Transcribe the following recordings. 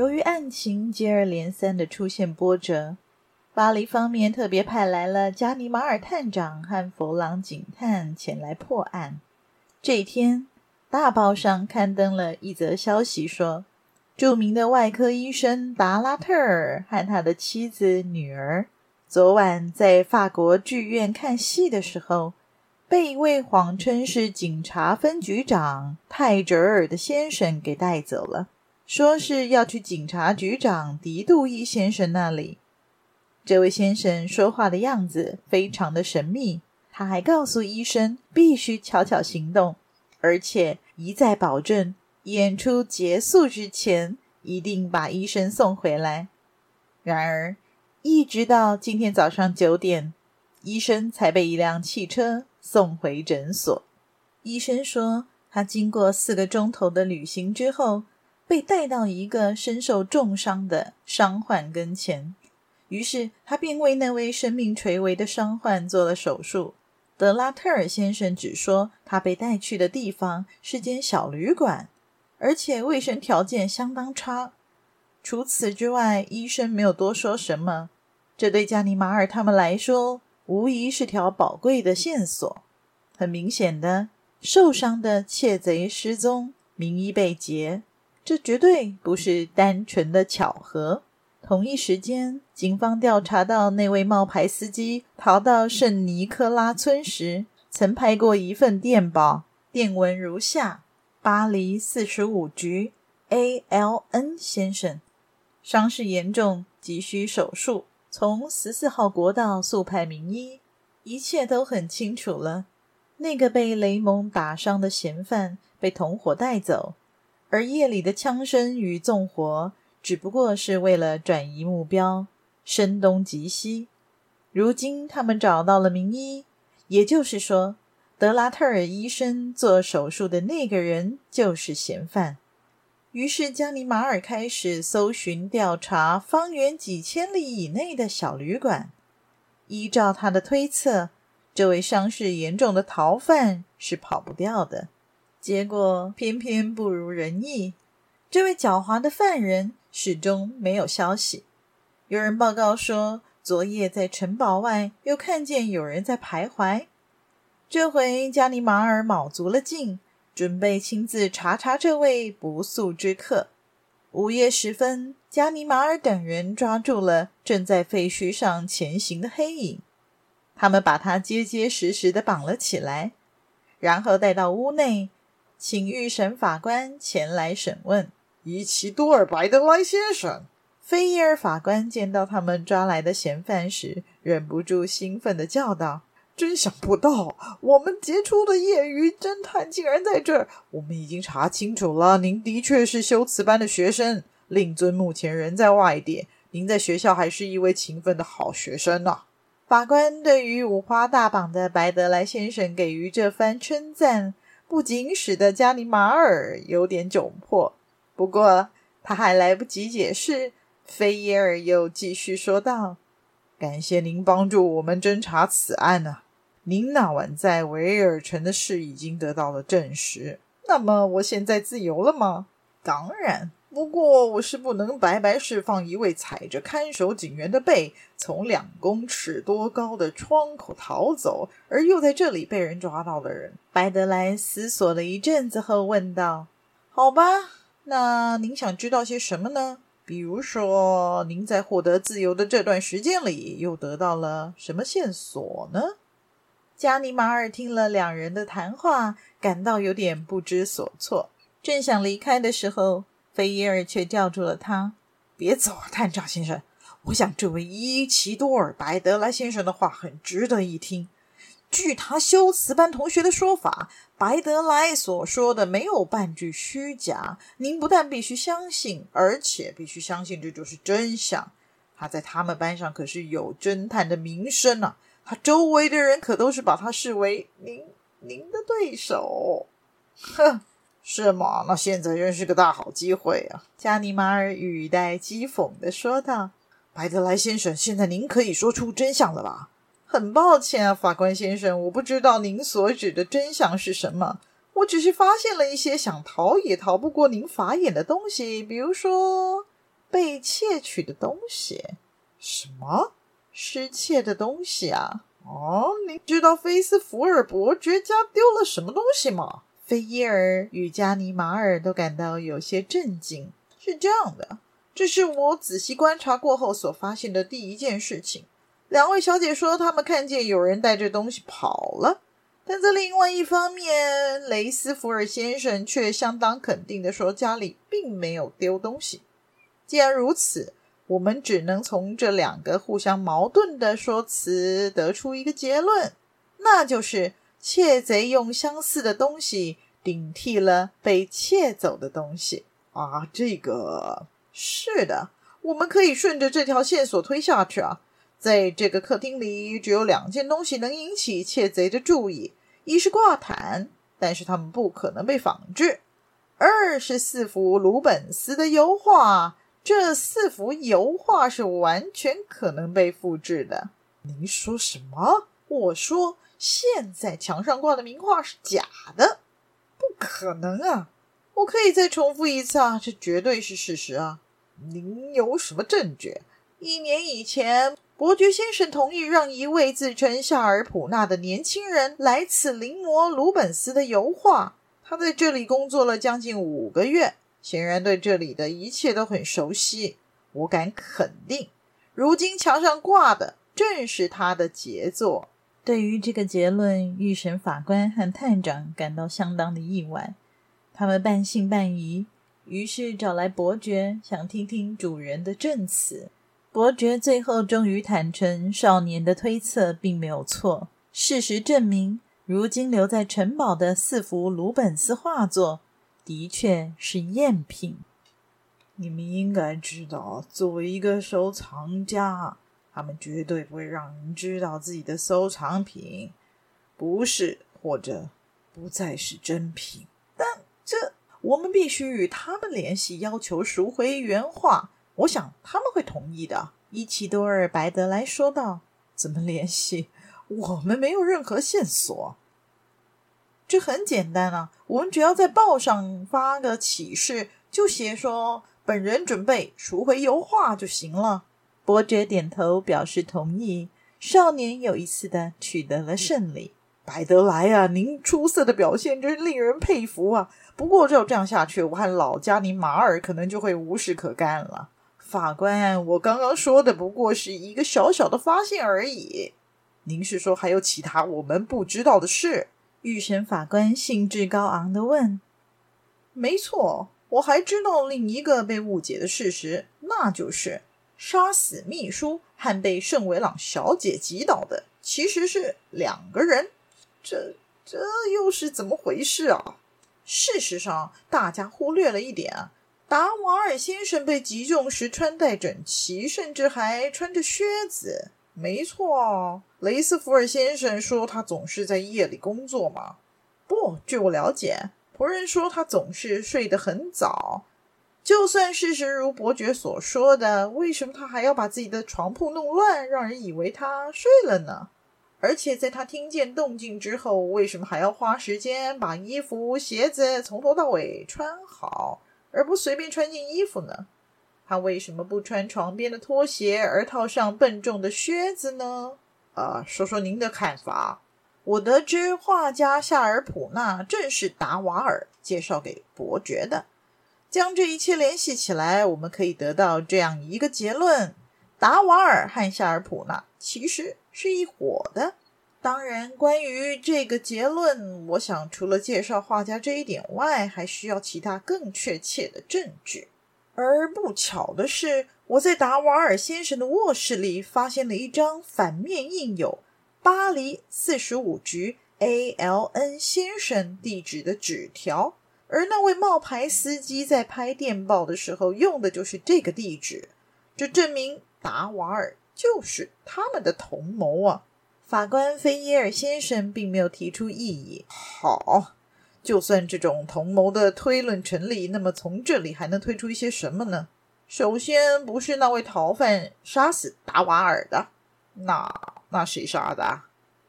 由於案情接二連三的出現波折，巴黎方面特別派來了加尼馬爾探長和弗朗警探前來破案。這天，大報上刊登了一則消息說，說著名的外科醫生達拉特爾和他的妻子、女兒昨晚在法國劇院看戲的時候，被一位謊稱是警察分局長泰哲爾的先生給帶走了。說是要去警察局長狄杜伊先生那裡。這位先生說話的樣子非常的神秘。他還告訴醫生必須悄悄行動，而且一再保證演出結束之前一定把醫生送回來。然而，一直到今天早上九點，醫生才被一輛汽車送回診所。醫生說他經過四個鐘頭的旅行之後，被帶到一個身受重傷的傷患跟前，於是他便為那位生命垂危的傷患做了手術。德拉特爾先生只說他被帶去的地方是間小旅館，而且衛生條件相當差。除此之外，醫生沒有多說什麼。這對加尼馬爾他們來說無疑是條寶貴的線索。很明顯的，受傷的竊賊失蹤，名醫被劫。這絕對不是單純的巧合。同一時間，警方調查到那位冒牌司機逃到聖尼科拉村時，曾拍過一份電報，電文如下：“巴黎四十五局 A.L.N 先生，傷勢嚴重，急需手術，從十四號國道速派名醫。”一切都很清楚了。那個被雷蒙打傷的嫌犯被同夥帶走。而夜裡的槍聲與縱火，只不過是為了轉移目標，聲東擊西。如今他們找到了名醫，也就是說，德拉特爾醫生做手術的那個人就是嫌犯。於是，加尼馬爾開始搜尋調查方圓幾千里以內的小旅館。依照他的推測，這位傷勢嚴重的逃犯是跑不掉的。結果偏偏不如人意，這位狡猾的犯人始終沒有消息。有人報告說，昨夜在城堡外又看見有人在徘徊。這回加尼馬爾卯足了勁，準備親自查查這位不速之客。午夜時分，加尼馬爾等人抓住了正在廢墟上前行的黑影，他們把他結結實實地綁了起來，然後帶到屋內。請預審法官前來審問伊齊多爾·白德萊先生。菲耶爾法官見到他們抓來的嫌犯時，忍不住興奮地叫道：“真想不到，我們傑出的業餘偵探竟然在這兒！我們已經查清楚了，您的確是修辭班的學生。令尊目前人在外地，您在學校還是一位勤奮的好學生呢、啊。”法官對於五花大綁的白德萊先生給予這番稱讚。不僅使得加尼馬爾有點窘迫，不過他還來不及解釋，菲耶爾又繼續說道：“感謝您幫助我們偵查此案呢、啊。您那晚在維爾城的事已經得到了證實。那麼我現在自由了嗎？當然。”不過，我是不能白白釋放一位踩着看守警員的背，從兩公尺多高的窗口逃走，而又在這裡被人抓到的人。白德萊思索了一陣子後問道：“好吧，那您想知道些什麼呢？比如說，您在獲得自由的這段時間裡，又得到了什麼線索呢？”加尼馬爾聽了兩人的談話，感到有點不知所措，正想離開的時候，菲耶爾卻叫住了他：“別走啊，探長先生！我想這位伊齊多爾·白德萊先生的話很值得一聽。據他修辭班同學的說法，白德萊所說的沒有半句虛假。您不但必須相信，而且必須相信這就是真相。他在他們班上可是有偵探的名聲呢。他周圍的人可都是把他視為您您的對手。哼！”是嗎？那現在真是個大好機會啊！加尼馬爾語帶譏諷地說道：“白德萊先生，現在您可以說出真相了吧？”很抱歉啊，法官先生，我不知道您所指的真相是什麼。我只是發現了一些想逃也逃不過您法眼的東西，比如說被竊取的東西。什麼？失竊的東西啊？哦，您知道菲斯福爾伯爵家丟了什麼東西嗎？菲耶爾與加尼馬爾都感到有些震驚。是這樣的，這是我仔細觀察過後所發現的第一件事情。兩位小姐說，她們看見有人帶着東西跑了，但在另外一方面，雷斯福爾先生卻相當肯定地說，家裡並沒有丟東西。既然如此，我們只能從這兩個互相矛盾的說辭得出一個結論，那就是。竊賊用相似的東西頂替了被竊走的東西啊！這個是的，我們可以順着這條線索推下去啊！在這個客廳裡，只有兩件東西能引起竊賊的注意：一是掛毯，但是它們不可能被仿製；二是四幅魯本斯的油畫，這四幅油畫是完全可能被複製的。您說什麼？我說。現在牆上掛的名畫是假的，不可能啊！我可以再重複一次啊，這絕對是事實啊！您有什麼證據？一年以前，伯爵先生同意讓一位自稱夏爾普納的年輕人來此臨摹魯本斯的油畫。他在這裡工作了將近五個月，顯然對這裡的一切都很熟悉。我敢肯定，如今牆上掛的正是他的傑作。對於這個結論，預審法官和探長感到相當的意外，他們半信半疑，於是找來伯爵，想聽聽主人的證詞。伯爵最後終於坦承，少年的推測並沒有錯，事實證明，如今留在城堡的四幅魯本斯畫作的確是贗品。你們應該知道，作為一個收藏家，他們絕對不會讓人知道自己的收藏品不是或者不再是真品。但這我們必須與他們聯繫，要求贖回原畫。我想他們會同意的。伊奇多爾·白德萊說道：“怎麼聯繫？我們沒有任何線索。這很簡單啊，我們只要在報上發個啟事，就寫說本人準備贖回油畫就行了。”伯爵點頭表示同意。少年又一次的取得了勝利。白德萊啊，您出色的表現真令人佩服啊！不過照這樣下去，我看老加尼馬爾可能就會無事可幹了。法官，我剛剛說的不過是一個小小的發現而已。您是說還有其他我們不知道的事？預審法官興致高昂的問。沒錯，我還知道另一個被誤解的事實，那就是。殺死秘書和被聖維朗小姐擊倒的其實是兩個人，這這又是怎麼回事啊？事實上，大家忽略了一點啊，達瓦爾先生被擊中時穿戴整齊，甚至還穿着靴子。沒錯，雷斯福爾先生說他總是在夜裡工作嘛。不，據我了解，僕人說他總是睡得很早。就算事實如伯爵所說的，為什麼他還要把自己的床鋪弄亂，讓人以為他睡了呢？而且在他聽見動靜之後，為什麼還要花時間把衣服、鞋子從頭到尾穿好，而不隨便穿件衣服呢？他為什麼不穿床邊的拖鞋，而套上笨重的靴子呢？啊、呃，說說您的看法。我得知畫家夏爾普納正是達瓦爾介紹給伯爵的。將這一切聯繫起來，我們可以得到這樣一個結論：達瓦爾和夏爾普納其實是一夥的。當然，關於這個結論，我想除了介紹畫家這一點外，還需要其他更確切的證據。而不巧的是，我在達瓦爾先生的臥室裡發現了一張反面印有“巴黎四十五局 A.L.N. 先生地址”的紙條。而那位冒牌司機在拍電報的時候用的就是這個地址，這證明達瓦爾就是他們的同謀啊！法官菲耶爾先生並沒有提出異議。好，就算這種同謀的推論成立，那麼從這裡還能推出一些什麼呢？首先，不是那位逃犯殺死達瓦爾的，那那誰殺的？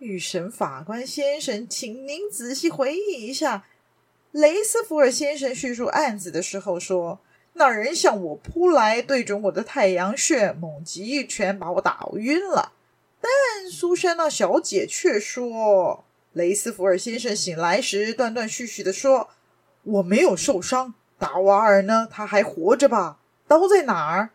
預審法官先生，請您仔細回憶一下。雷斯福爾先生敘述案子的時候說：“那人向我撲來，對準我的太陽穴猛擊一拳，把我打暈了。”但蘇珊娜小姐卻說：“雷斯福爾先生醒來時斷斷續續地說，我沒有受傷。達瓦爾呢？他還活着吧？刀在哪兒？”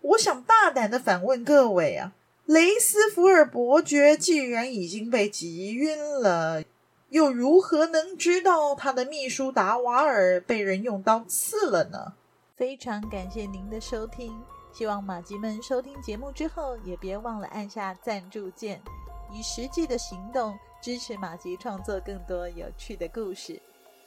我想大膽地反問各位啊：“雷斯福爾伯爵既然已經被擊暈了。”又如何能知道他的秘書達瓦爾被人用刀刺了呢？非常感謝您的收聽，希望馬吉們收聽節目之後也別忘了按下贊助鍵，以實際的行動支持馬吉創作更多有趣的故事。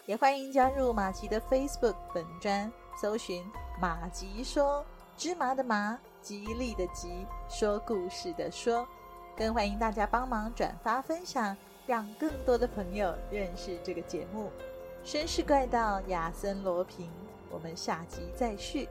也歡迎加入馬吉的 Facebook 本專，搜尋“馬吉說，芝麻的麻，吉利的吉，說故事的說”，更歡迎大家幫忙轉發分享。讓更多的朋友認識這個節目，《紳士怪盜亞森羅平》，我們下集再續。